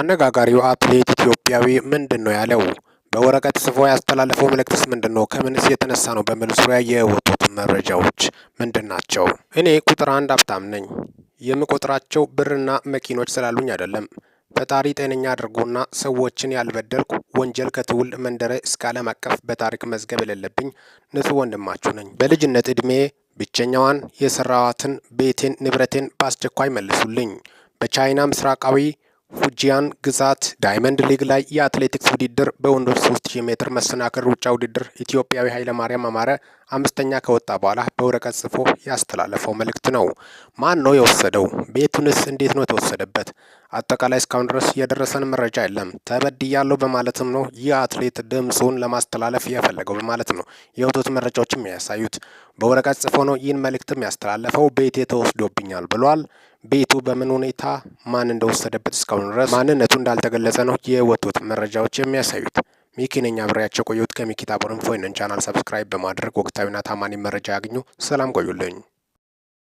አነጋጋሪው አትሌት ኢትዮጵያዊ ምንድን ነው ያለው? በወረቀት ጽፎ ያስተላለፈው መልእክትስ ምንድን ነው? ከምንስ የተነሳ ነው? በሚል ዙሪያ የወጡት መረጃዎች ምንድን ናቸው? እኔ ቁጥር አንድ ሀብታም ነኝ። የምቆጥራቸው ብርና መኪኖች ስላሉኝ አይደለም። ፈጣሪ ጤነኛ አድርጎና ሰዎችን ያልበደልኩ ወንጀል ከትውል መንደረ እስከ ዓለም አቀፍ በታሪክ መዝገብ የሌለብኝ ንጹህ ወንድማችሁ ነኝ። በልጅነት ዕድሜ ብቸኛዋን የሰራዋትን ቤቴን ንብረቴን በአስቸኳይ መልሱልኝ። በቻይና ምስራቃዊ ፉጂያን ግዛት ዳይመንድ ሊግ ላይ የአትሌቲክስ ውድድር በወንዶች 3000 ሜትር መሰናክል ሩጫ ውድድር ኢትዮጵያዊ ኃይለማርያም አማረ አምስተኛ ከወጣ በኋላ በወረቀት ጽፎ ያስተላለፈው መልእክት ነው። ማን ነው የወሰደው? ቤቱንስ እንዴት ነው የተወሰደበት? አጠቃላይ እስካሁን ድረስ የደረሰን መረጃ የለም። ተበድያለሁ በማለትም ነው ይህ አትሌት ድምፁን ለማስተላለፍ የፈለገው በማለት ነው የወጡት መረጃዎች የሚያሳዩት። በወረቀት ጽፎ ነው ይህን መልእክትም ያስተላለፈው። ቤቴ ተወስዶብኛል ብሏል። ቤቱ በምን ሁኔታ ማን እንደወሰደበት እስካሁን ድረስ ማንነቱ እንዳልተገለጸ ነው የወጡት መረጃዎች የሚያሳዩት። ሚኪ ነኝ አብሬያቸው ቆየሁት። ከሚኪታ ቦረንፎይንን ቻናል ሰብስክራይብ በማድረግ ወቅታዊና ታማኒ መረጃ ያግኙ። ሰላም ቆዩልኝ።